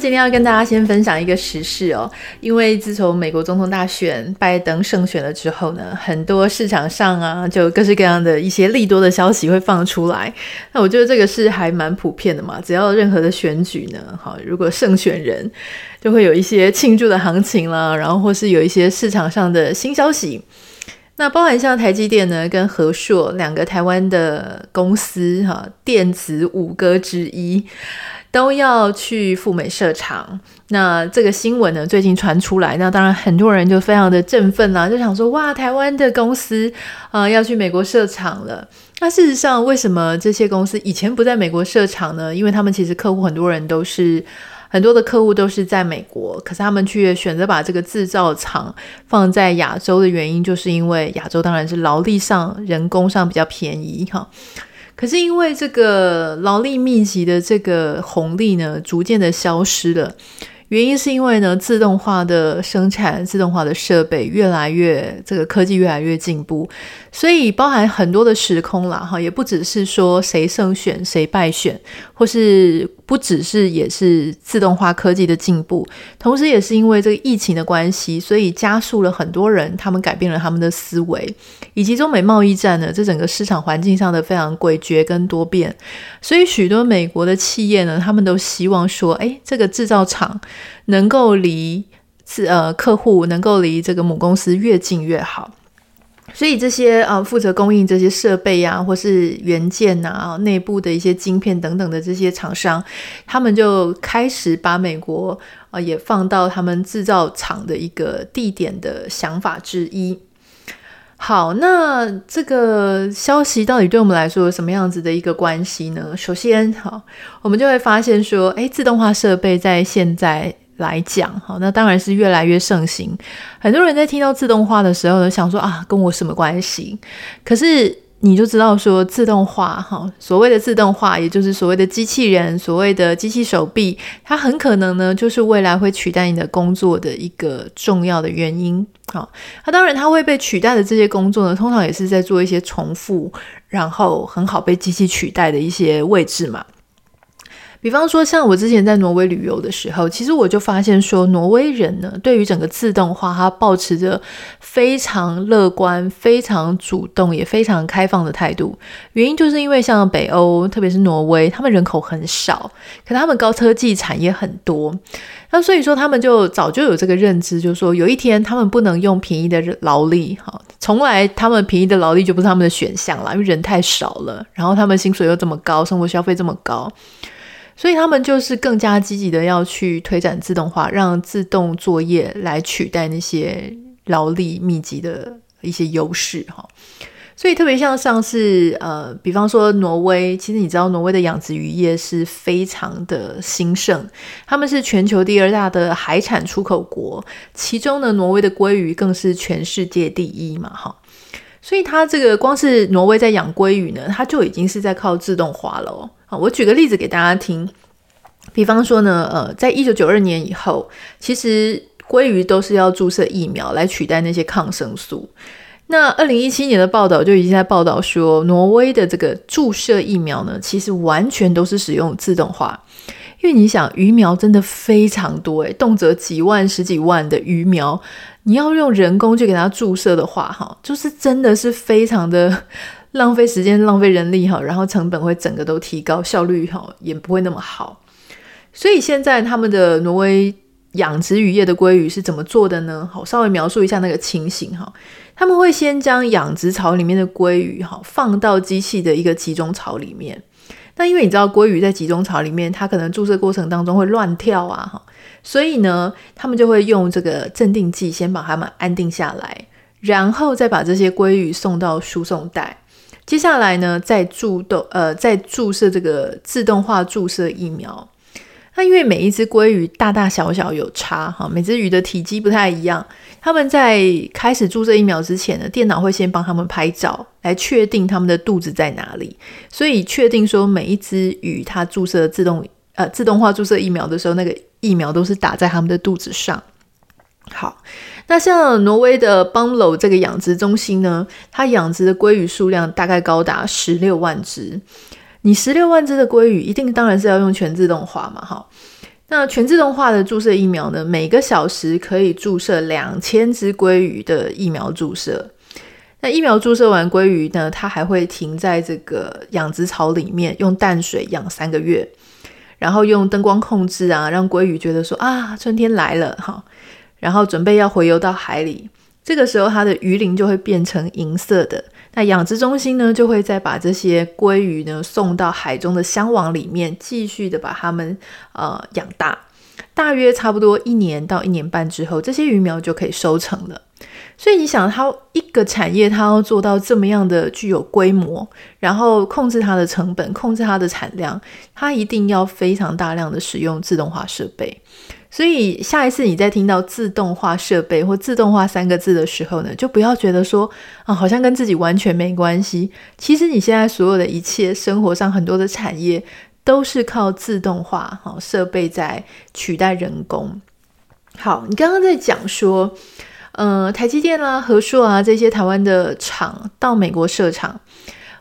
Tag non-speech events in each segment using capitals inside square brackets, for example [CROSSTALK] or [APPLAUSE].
今天要跟大家先分享一個時事哦，因為自從美國總統大選拜登勝選了之後呢，很多市場上啊，就各式各樣的一些利多的消息會放出來。那我覺得這個是還蠻普遍的嘛，只要任何的選舉呢，哈，如果勝選人就會有一些慶祝的行情啦，然後或是有一些市場上的新消息。那包含像台積電呢，跟和碩兩個台灣的公司哈，電子五哥之一。都要去赴美設廠，那這個新聞呢，最近傳出來，那當然很多人就非常的振奮啦、啊，就想說哇，台灣的公司啊、呃、要去美國設廠了。那事實上，為什麼這些公司以前不在美國設廠呢？因為他們其實客戶很多人都是，很多的客戶都是在美國，可是他們卻選擇把這個製造廠放在亞洲的原因，就是因為亞洲當然是勞力上、人工上比較便宜哈。哦可是因為這個勞力密集的這個紅利呢，逐漸的消失了。原因是因為呢，自動化的生產、自動化的設備越來越，這個科技越來越進步，所以包含很多的時空啦，哈，也不只是說誰勝選、誰敗選。或是不只是也是自動化科技的進步，同時也是因為這個疫情的關係，所以加速了很多人他們改變了他們的思維，以及中美貿易戰呢，這整個市場環境上的非常詭譎跟多變，所以許多美國的企業呢，他們都希望說，哎、欸，這個制造廠能夠離自呃客戶能夠離這個母公司越近越好。所以這些啊負責供應這些設備啊，或是元件啊、啊、內部的一些晶片等等的這些廠商，他們就開始把美國啊也放到他們製造廠的一個地點的想法之一。好，那這個消息到底對我們來說有什麼樣子的一個關係呢？首先，好，我們就會發現說，哎、欸，自動化設備在現在。來講，好，那當然是越來越盛行。很多人在聽到自動化的時候呢，想說啊，跟我什麼關係？可是你就知道說，自動化，哈，所謂的自動化，也就是所謂的機器人，所謂的機器手臂，它很可能呢，就是未來會取代你的工作的一個重要的原因啊。那當然，它會被取代的這些工作呢，通常也是在做一些重複，然後很好被機器取代的一些位置嘛。比方說，像我之前在挪威旅遊的時候，其實我就發現說，挪威人呢，對於整個自動化，他抱持着非常樂觀、非常主動，也非常開放的態度。原因就是因為像北歐，特別是挪威，他們人口很少，可他們高科技產業很多，那所以說他們就早就有這個認知，就是說有一天他們不能用便宜的勞力，哈，從來他們便宜的勞力就不是他們的選項啦，因為人太少了，然後他們薪水又這麼高，生活消費這麼高。所以他們就是更加積極的要去推展自動化，讓自動作業來取代那些勞力密集的一些優勢哈。所以特別像像是，呃，比方說挪威，其實你知道挪威的養殖漁業是非常的興盛，他們是全球第二大的海產出口國，其中呢，挪威的鮭魚更是全世界第一嘛哈。所以它這個光是挪威在養鮭魚呢，它就已經是在靠自動化了。好，我舉個例子給大家聽，比方說呢，呃，在一九九二年以後，其實鮭魚都是要注射疫苗來取代那些抗生素。那二零一七年的報道就已經在報道說，挪威的這個注射疫苗呢，其實完全都是使用自動化，因為你想魚苗真的非常多誒，動輒幾萬、十幾萬的魚苗，你要用人工去給它注射的話，哈，就是真的是非常的。浪費時間、浪費人力，哈，然後成本會整個都提高，效率哈也不會那麼好。所以現在他們的挪威養殖漁業的鮭魚是怎麼做的呢？好，稍微描述一下那個情形哈。他們會先將養殖槽裡面的鮭魚哈放到機器的一個集中槽裡面。那因為你知道鮭魚在集中槽裡面，它可能注射過程當中會亂跳啊哈，所以呢，他們就會用這個鎮定劑先把它們安定下來，然後再把這些鮭魚送到輸送帶。接下來呢，在注動呃，在注射這個自動化注射疫苗。那，啊，因為每一只鮭魚大大小小有差哈，每只魚的體積不太一樣。他們在開始注射疫苗之前呢，電腦會先幫他們拍照，來確定他們的肚子在哪裡。所以確定說每一只魚它注射自動呃自動化注射疫苗的時候，那個疫苗都是打在他們的肚子上。好，那像挪威的 Bomlo 這個養殖中心呢，它養殖的鮭魚數量大概高達十六萬只。你十六萬只的鮭魚，一定當然是要用全自動化嘛，哈。那全自動化的注射疫苗呢，每個小時可以注射兩千只鮭魚的疫苗注射。那疫苗注射完鮭魚呢，它還會停在這個養殖槽裡面，用淡水養三個月，然後用燈光控制啊，讓鮭魚覺得說啊，春天來了，哈。然後準備要回游到海裡，這個時候它的魚鱗就會變成銀色的。那養殖中心呢，就會再把這些鮭魚呢送到海中的箱網裡面，繼續的把它們呃養大。大約差不多一年到一年半之後，這些魚苗就可以收成了。所以你想，它一個產業，它要做到這麼樣的具有規模，然後控制它的成本，控制它的產量，它一定要非常大量的使用自動化設備。所以下一次你再聽到自動化設備或自動化三個字的時候呢，就不要覺得說啊，好像跟自己完全沒關係。其實你現在所有的一切生活上很多的產業都是靠自動化哈、啊、設備在取代人工。好，你剛剛在講說，嗯、呃，台積電啦、啊、和碩啊，這些台灣的廠到美國設廠。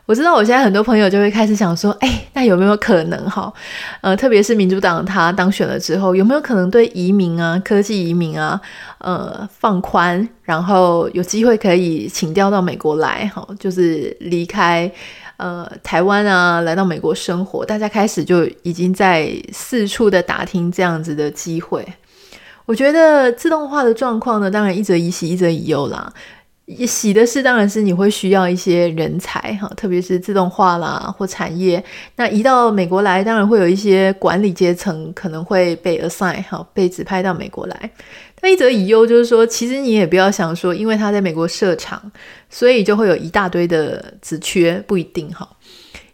我知道我現在很多朋友就會開始想說，哎，那有沒有可能哈？呃，特別是民主黨他當選了之後，有沒有可能對移民啊、科技移民啊，呃，放寬，然後有機會可以請調到美國來哈？就是離開呃台灣啊，來到美國生活，大家開始就已經在四處的打聽這樣子的機會。我覺得自動化的狀況呢，當然一則以喜，一則以憂啦。一喜的是，當然是你會需要一些人才哈，特別是自動化啦或產業。那移到美國來，當然會有一些管理階層可能會被 assign 哈，被指派到美國來。但一則以憂就是說，其實你也不要想說，因為他在美國設廠，所以就會有一大堆的職缺，不一定哈。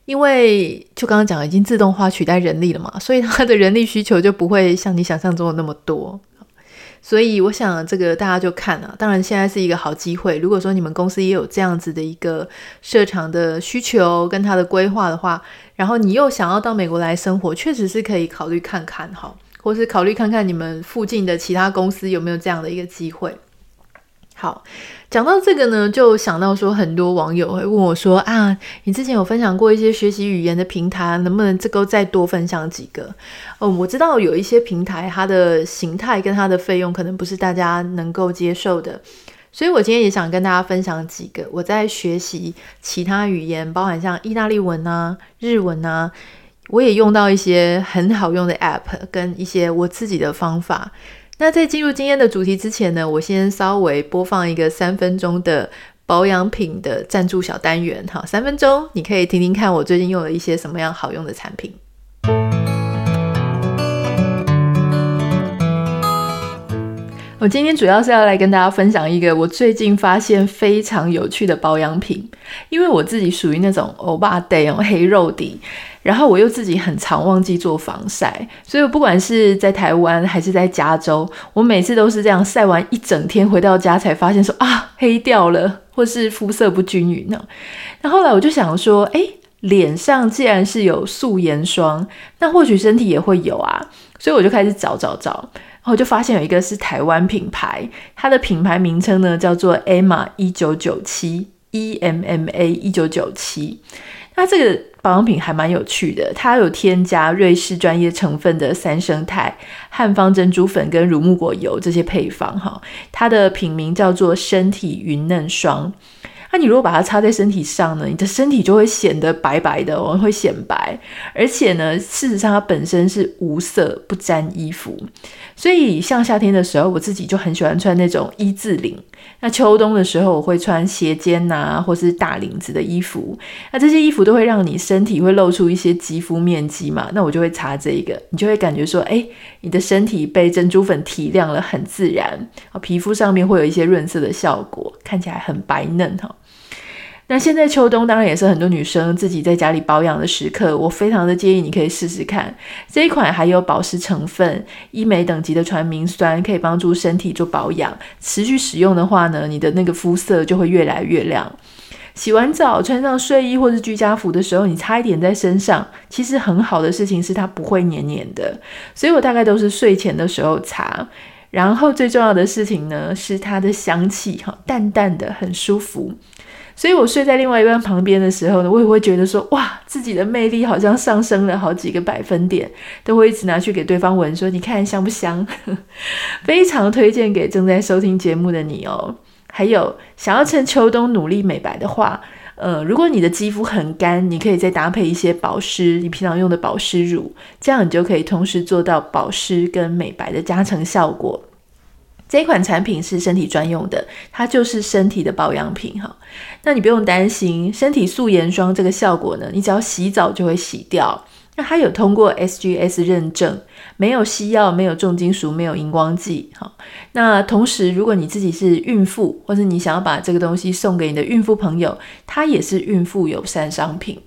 因為就剛剛講了，已經自動化取代人力了嘛，所以他的人力需求就不會像你想象中的那麼多。所以我想，這個大家就看了啊。當然，現在是一個好機會。如果說你們公司也有這樣子的一個設廠的需求跟他的規劃的話，然後你又想要到美國來生活，確實是可以考慮看看哈，或是考慮看看你們附近的其他公司有沒有這樣的一個機會。好，講到這個呢，就想到說，很多網友會問我說：“啊，你之前有分享過一些學習語言的平台，能不能這個再多分享幾個？”哦，我知道有一些平台它的形態跟它的費用可能不是大家能夠接受的，所以，我今天也想跟大家分享幾個我在學習其他語言，包含像意大利文啊、日文啊，我也用到一些很好用的 App 跟一些我自己的方法。那在進入今天的主題之前呢，我先稍微播放一個三分鐘的保養品的贊助小單元，哈，三分鐘，你可以聽聽看我最近用了一些什麼樣好用的產品。我今天主要是要來跟大家分享一個我最近發現非常有趣的保養品，因為我自己屬於那種歐巴 day，哦，黑肉底，然後我又自己很常忘記做防曬，所以我不管是在台灣還是在加州，我每次都是這樣曬完一整天回到家才發現說啊，黑掉了，或是膚色不均勻呢，啊。然後來我就想說，誒、欸，臉上既然是有素顏霜，那或許身體也會有啊，所以我就開始找找找。然後就發現有一個是台灣品牌，它的品牌名稱呢叫做 Emma 一九九七 E M M A 一九九七。那這個保養品還蠻有趣的，它有添加瑞士專業成分的三胜肽漢方珍珠粉跟乳木果油這些配方哈。它的品名叫做身體勻嫩霜。那你如果把它擦在身體上呢，你的身體就會顯得白白的、哦，會顯白。而且呢，事實上它本身是無色不沾衣服。所以，像夏天的時候，我自己就很喜歡穿那種一字領。那秋冬的時候，我會穿斜肩吶，或是大領子的衣服。那這些衣服都會讓你身體會露出一些肌膚面積嘛。那我就會擦這一個，你就會感覺說，哎、欸，你的身體被珍珠粉提亮了，很自然啊，皮膚上面會有一些潤色的效果，看起來很白嫩哈。那現在秋冬當然也是很多女生自己在家裡保養的時刻，我非常的建議你可以試試看這一款，還有保濕成分、醫美等級的傳明酸，可以幫助身體做保養。持續使用的話呢，你的那個膚色就會越來越亮。洗完澡穿上睡衣或是居家服的時候，你擦一點在身上，其實很好的事情是它不會黏黏的。所以我大概都是睡前的時候擦。然後最重要的事情呢，是它的香氣，哈，淡淡的，很舒服。所以我睡在另外一半旁邊的時候呢，我也會覺得說，哇，自己的魅力好像上升了好幾個百分點，都會一直拿去給對方聞，說你看香不香？ [LAUGHS] 非常推薦給正在收聽節目的你哦。還有想要趁秋冬努力美白的話，呃，如果你的肌膚很乾，你可以再搭配一些保濕，你平常用的保濕乳，這樣你就可以同時做到保濕跟美白的加成效果。這款產品是身體專用的，它就是身體的保養品哈。那你不用擔心，身體素顏霜這個效果呢，你只要洗澡就會洗掉。那它有通過 SGS 認證，沒有西藥，沒有重金屬，沒有熒光劑哈。那同時，如果你自己是孕婦，或是你想要把這個東西送給你的孕婦朋友，它也是孕婦友善商品。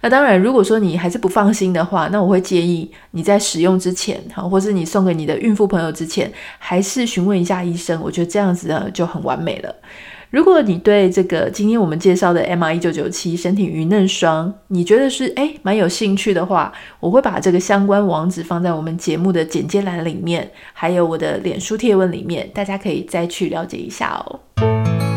那當然，如果說你還是不放心的話，那我會建議你在使用之前，哈，或是你送給你的孕婦朋友之前，還是詢問一下醫生。我覺得這樣子呢，就很完美了。如果你對這個今天我們介紹的 Emma1997 身體勻嫩霜，你覺得是誒蠻有興趣的話，我會把這個相關網址放在我們節目的簡介欄裡面，還有我的臉書貼文裡面，大家可以再去了解一下哦。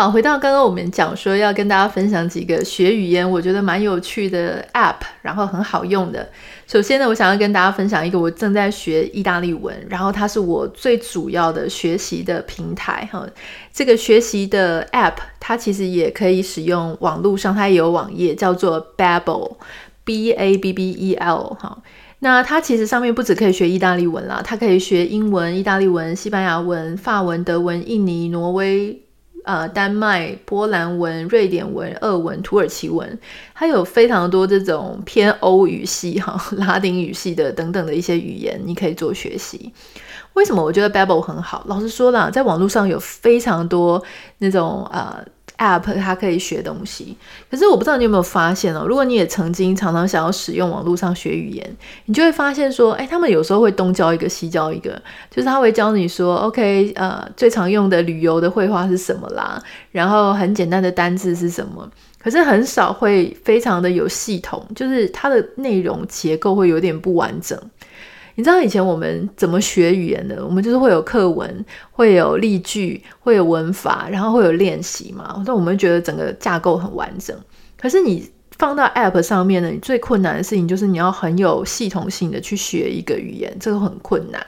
好，回到剛剛我們講說要跟大家分享幾個學語言，我覺得蠻有趣的 App，然後很好用的。首先呢，我想要跟大家分享一個我正在學意大利文，然後它是我最主要的學習的平台哈、哦。這個學習的 App 它其實也可以使用網絡上，它也有網頁，叫做 Babbel，B A B B E L 哈、哦。那它其實上面不只可以學意大利文啦，它可以學英文、意大利文、西班牙文、法文、德文、印尼、挪威。呃，丹麥、波蘭文、瑞典文、俄文、土耳其文，它有非常多這種偏歐語系、哈、哦、拉丁語系的等等的一些語言，你可以做學習。為什麼我覺得 Babbel 很好？老實說啦，在網絡上有非常多那種呃。App 它可以學東西，可是我不知道你有沒有發現哦。如果你也曾經常常想要使用網絡上學語言，你就會發現說，哎、欸，他們有時候會東教一個西教一個，就是他會教你說，OK，呃，最常用的旅遊的會話是什麼啦，然後很簡單的單字是什麼，可是很少會非常的有系統，就是它的內容結構會有點不完整。你知道以前我們怎麼學語言的？我們就是會有課文，會有例句，會有文法，然後會有練習嘛。那我們覺得整個架構很完整。可是你放到 App 上面呢？你最困難的事情就是你要很有系統性的去學一個語言，這個很困難。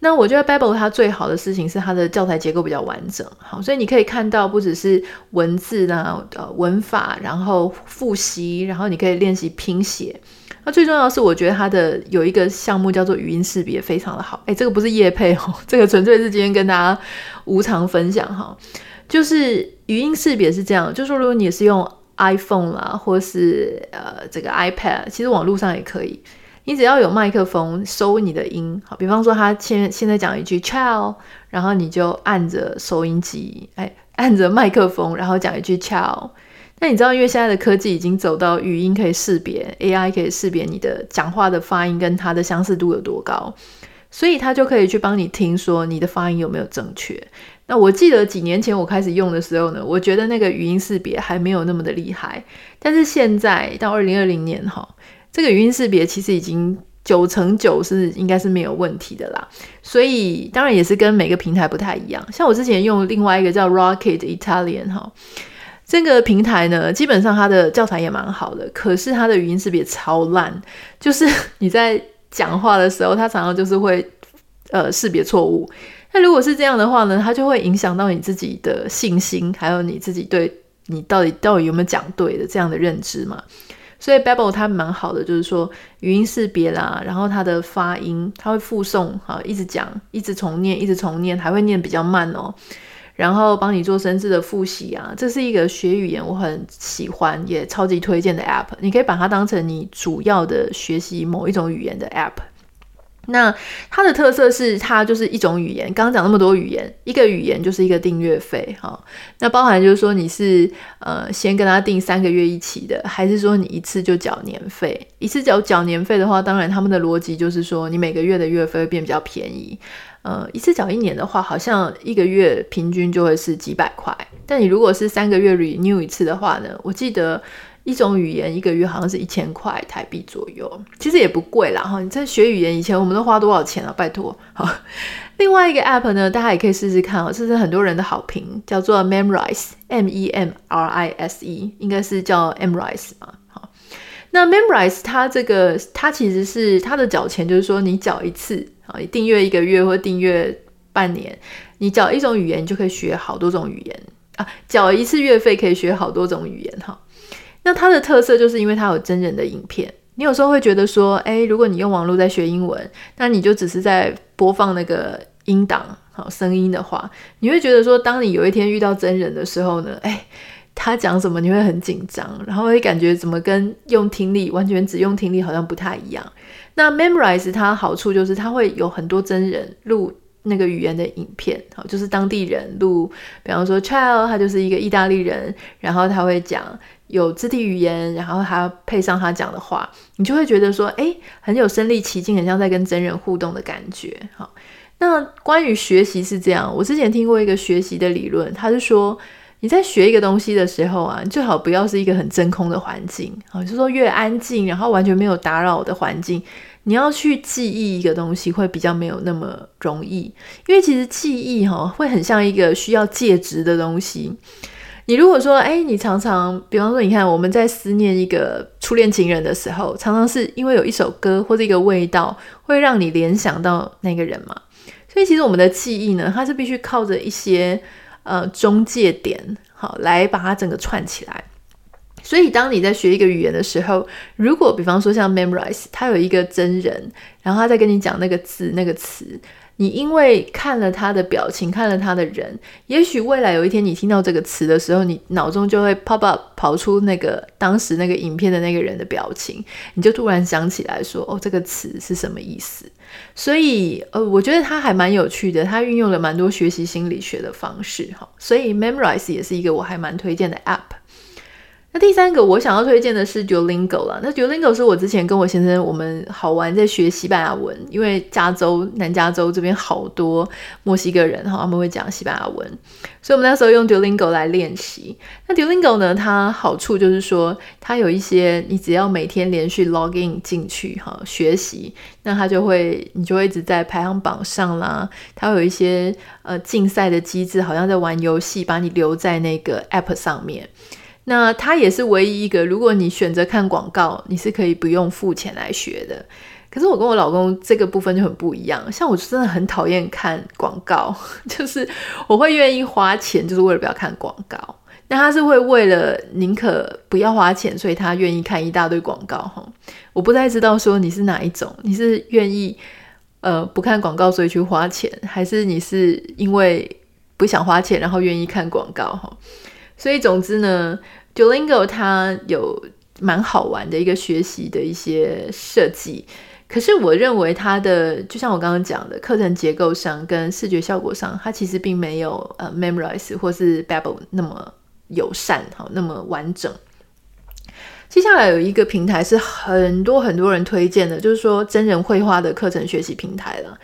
那我覺得 Babbel 它最好的事情是它的教材結構比較完整。好，所以你可以看到不只是文字啊呃、文法，然後複習，然後你可以練習拼寫。那最重要的是，我覺得它的有一個項目叫做語音識別，非常的好。哎，這個不是業配哦，這個純粹是今天跟大家無償分享哈。就是語音識別是這樣，就是說如果你是用 iPhone 啦，或是呃這個 iPad，其實網絡上也可以。你只要有麥克風收你的音，好，比方說他現現在講一句 chow，然後你就按着收音機，哎，按着麥克風，然後講一句 chow。那你知道，因為現在的科技已經走到語音可以識別，AI 可以識別你的講話的發音跟它的相似度有多高，所以它就可以去幫你聽說你的發音有沒有正確。那我記得幾年前我開始用的時候呢，我覺得那個語音識別還沒有那麼的厲害，但是現在到二零二零年哈，這個語音識別其實已經九成九是應該是沒有問題的啦。所以當然也是跟每個平台不太一樣，像我之前用另外一個叫 Rocket Italian 哈。這個平台呢，基本上它的教材也蠻好的，可是它的語音識別超爛，就是你在講話的時候，它常常就是會呃識別錯誤。那如果是這樣的話呢，它就會影響到你自己的信心，還有你自己對你到底到底有沒有講對的這樣的認知嘛。所以 Babbel 它蠻好的，就是說語音識別啦，然後它的發音，它會複誦啊，一直講，一直重念，一直重念，還會念比較慢哦。然後幫你做生字的複習啊，這是一個學語言我很喜歡也超級推薦的 app，你可以把它當成你主要的學習某一種語言的 app。那它的特色是它就是一種語言，剛剛講那麼多語言，一個語言就是一個訂閱費哈、哦。那包含就是說你是呃先跟他訂三個月一期的，還是說你一次就繳年費？一次繳繳年費的話，當然他們的邏輯就是說你每個月的月費會變比較便宜。呃、嗯，一次繳一年的話，好像一個月平均就會是幾百塊。但你如果是三個月 renew 一次的話呢？我記得一種語言一個月好像是一千塊台幣左右，其實也不貴啦哈。你在學語言以前，我們都花多少錢啊？拜託。好，另外一個 app 呢，大家也可以試試看啊，這是很多人的好評，叫做 MemRise M E M R I S E，應該是叫 MemRise 嘛。好，那 MemRise 它這個它其實是它的繳錢，就是說你繳一次。啊，你訂閱一個月或訂閱半年，你繳一種語言，就可以學好多種語言啊！繳一次月費可以學好多種語言哈。那它的特色就是因為它有真人的影片，你有時候會覺得說，誒、欸，如果你用網絡在學英文，那你就只是在播放那個音檔，好聲音的話，你會覺得說，當你有一天遇到真人的時候呢，誒、欸，他講什麼你會很緊張，然後會感覺怎麼跟用聽力完全只用聽力好像不太一樣。那 MemRise 它好處就是它會有很多真人錄那個語言的影片，好，就是當地人錄，比方說 child，他就是一個意大利人，然後他會講有肢體語言，然後他配上他講的話，你就會覺得說，誒、欸，很有身臨其境，很像在跟真人互動的感覺。好，那關於學習是這樣，我之前聽過一個學習的理論，他是說，你在學一個東西的時候啊，最好不要是一個很真空的環境啊、哦，就是說越安靜，然後完全沒有打擾的環境，你要去記憶一個東西會比較沒有那麼容易，因為其實記憶哈、哦，會很像一個需要介質的東西。你如果說，哎，你常常，比方說，你看我們在思念一個初戀情人的時候，常常是因為有一首歌或者一個味道會讓你聯想到那個人嘛，所以其實我們的記憶呢，它是必須靠着一些。呃，中介點好，來把它整個串起來。所以，當你在學一個語言的時候，如果比方說像 MemRise，它有一個真人，然後他在跟你講那個字、那個詞。你因為看了他的表情，看了他的人，也許未來有一天你聽到這個詞的時候，你腦中就會 pop up 跑出那個當時那個影片的那個人的表情，你就突然想起來說：“哦，這個詞是什麼意思？”所以，呃，我覺得它還蠻有趣的，它運用了蠻多學習心理學的方式，哈。所以，MemRise 也是一個我還蠻推薦的 app。那第三個我想要推薦的是 Duolingo 啦。那 Duolingo 是我之前跟我先生我們好玩在學西班牙文，因為加州、南加州這邊好多墨西哥人哈，他們會講西班牙文，所以我們那時候用 Duolingo 來練習。那 Duolingo 呢，它好處就是說，它有一些你只要每天連續 login 進去哈學習，那它就會你就會一直在排行榜上啦。它會有一些呃競賽的機制，好像在玩遊戲，把你留在那個 app 上面。那他也是唯一一個，如果你選擇看廣告，你是可以不用付錢來學的。可是我跟我老公這個部分就很不一樣，像我真的很討厭看廣告，就是我會願意花錢，就是為了不要看廣告。那他是會為了寧可不要花錢，所以他願意看一大堆廣告。我不太知道說你是哪一種，你是願意呃不看廣告所以去花錢，還是你是因為不想花錢然後願意看廣告？所以，總之呢，Duolingo 它有蠻好玩的一個學習的一些設計，可是我認為它的，就像我剛剛講的，課程結構上跟視覺效果上，它其實並沒有呃 MemRise 或是 Babbel 那麼友善，好，那麼完整。接下來有一個平台是很多很多人推薦的，就是說真人繪畫的課程學習平台了。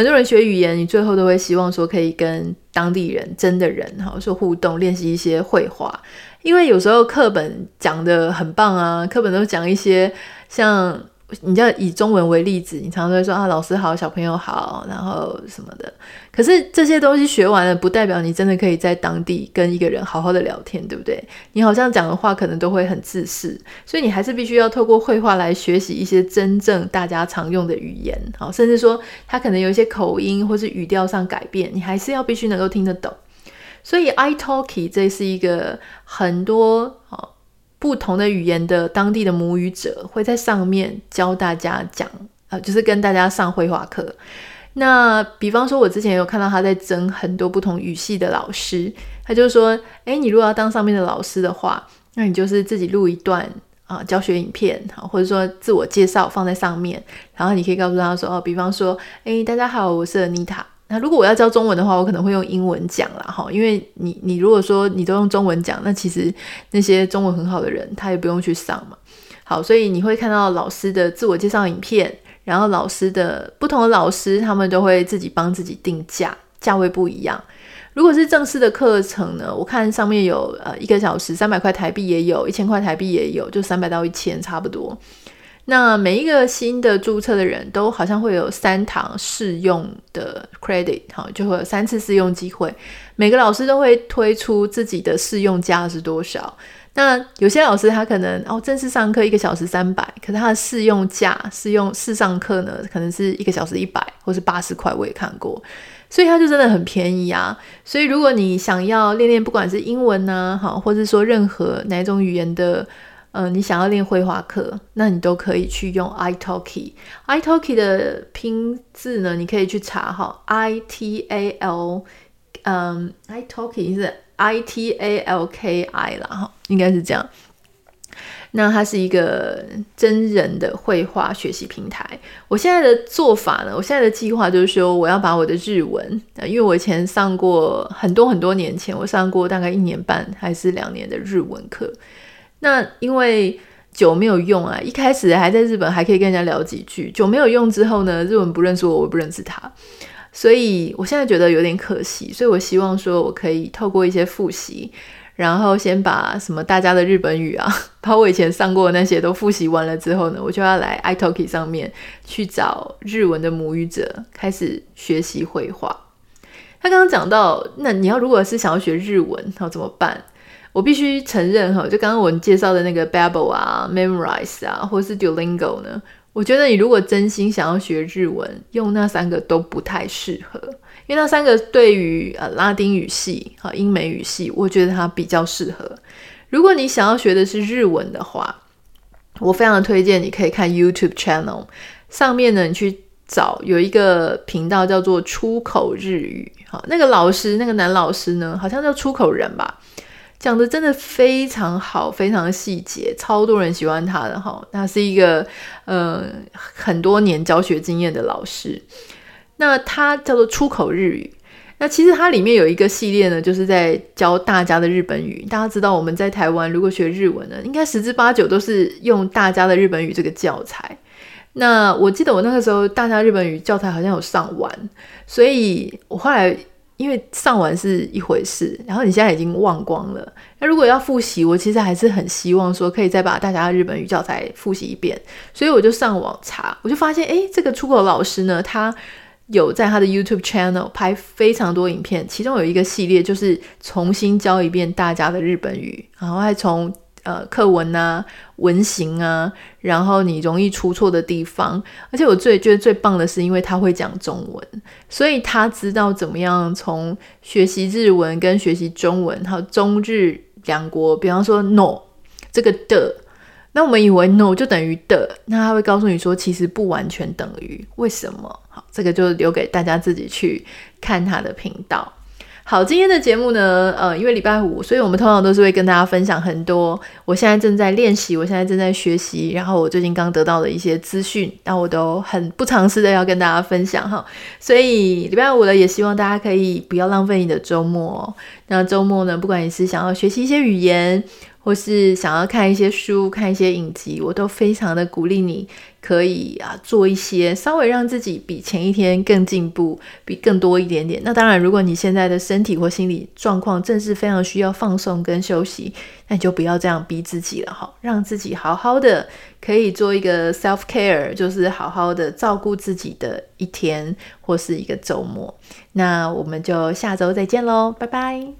很多人學語言，你最後都會希望說可以跟當地人、真的人哈說互動，練習一些會話。因為有時候課本講得很棒啊，課本都講一些像。你就要以中文為例子，你常常都會說啊，老師好，小朋友好，然後什麼的。可是這些東西學完了，不代表你真的可以在當地跟一個人好好的聊天，對不對？你好像講的話可能都會很自私，所以你還是必須要透過會話來學習一些真正大家常用的語言，好，甚至說他可能有一些口音或是語調上改變，你還是要必須能夠聽得懂。所以 iTalki，這是一個很多，好不同的語言的當地的母語者會在上面教大家講啊、呃，就是跟大家上繪畫課。那比方說，我之前有看到他在徵很多不同語系的老師，他就說：“誒，你如果要當上面的老師的話，那你就是自己錄一段啊、呃、教學影片，好，或者說自我介紹放在上面，然後你可以告訴他說：哦，比方說，誒，大家好，我是 Anita。”那如果我要教中文的話，我可能會用英文講啦，哈，因為你你如果說你都用中文講，那其實那些中文很好的人他也不用去上嘛。好，所以你會看到老師的自我介紹影片，然後老師的，不同的老師他們都會自己幫自己定價，價位不一樣。如果是正式的課程呢，我看上面有呃一個小時三百塊台幣也有，一千塊台幣也有，就三百到一千差不多。那每一個新的註冊的人都好像會有三堂試用的 credit，好，就會有三次試用機會。每個老師都會推出自己的試用價是多少。那有些老師他可能哦正式上課一個小時三百，可是他的試用價試用試上課呢，可能是一個小時一百或是八十塊，我也看過。所以他就真的很便宜啊。所以如果你想要練練，不管是英文呢，好，或是說任何哪一種語言的。嗯，你想要練會話課，那你都可以去用 iTalki。iTalki 的拼字呢，你可以去查哈，i t a l，嗯，iTalki 是 i t a l k i 啦。哈，應該是這樣。那它是一個真人的會話學習平台。我現在的做法呢，我現在的計劃就是說，我要把我的日文，因為我以前上過很多很多年前，我上過大概一年半還是兩年的日文課。那因為久沒有用啊，一開始還在日本還可以跟人家聊幾句，久沒有用之後呢，日文不認識我，我不認識他，所以我現在覺得有點可惜，所以我希望說我可以透過一些複習，然後先把什麼大家的日本語啊，把我以前上過的那些都複習完了之後呢，我就要來 iTalki 上面去找日文的母語者開始學習會話。他剛剛講到，那你要如果是想要學日文，然後怎麼辦？我必須承認，哈，就剛剛我介紹的那個 Babbel 啊、MemRise 啊，或者是 Duolingo 呢，我覺得你如果真心想要學日文，用那三個都不太適合，因為那三個對於呃拉丁語系、哈英美語系，我覺得它比較適合。如果你想要學的是日文的話，我非常的推薦你可以看 YouTube channel 上面呢，你去找有一個頻道叫做出口日語，哈，那個老師那個男老師呢，好像叫出口人吧。講的真的非常好，非常細節，超多人喜歡他的哈。他是一個呃很多年教學經驗的老師，那他叫做出口日語。那其實它裡面有一個系列呢，就是在教大家的日本語。大家知道我們在台灣如果學日文呢，應該十之八九都是用《大家的日本語》這個教材。那我記得我那個時候《大家日本語》教材好像有上完，所以我後來。因為上完是一回事，然後你現在已經忘光了。那如果要複習，我其實還是很希望說可以再把大家的日本語教材複習一遍。所以我就上網查，我就發現，誒，這個出口老師呢，他有在他的 YouTube Channel 拍非常多影片，其中有一個系列就是重新教一遍大家的日本語，然後還從。呃，課文啊，文型啊，然後你容易出錯的地方，而且我最覺得最棒的是，因為他會講中文，所以他知道怎麼樣從學習日文跟學習中文，還有中日兩國，比方說 no 這個的，那我們以為 no 就等於的，那他會告訴你說，其實不完全等於，為什麼？好，這個就留給大家自己去看他的頻道。好，今天的節目呢，呃，因為禮拜五，所以我們通常都是會跟大家分享很多。我現在正在練習，我現在正在學習，然後我最近剛得到的一些資訊，那我都很不嘗試的要跟大家分享哈。所以禮拜五呢，也希望大家可以不要浪費你的周末。那周末呢，不管你是想要學習一些語言，或是想要看一些書、看一些影集，我都非常的鼓勵你，可以啊，做一些稍微讓自己比前一天更進步，比更多一點點。那當然，如果你現在的身體或心理狀況正是非常需要放鬆跟休息，那你就不要這樣逼自己了哈，讓自己好好的可以做一個 self care，就是好好的照顧自己的一天或是一個周末。那我們就下周再見嘍，拜拜。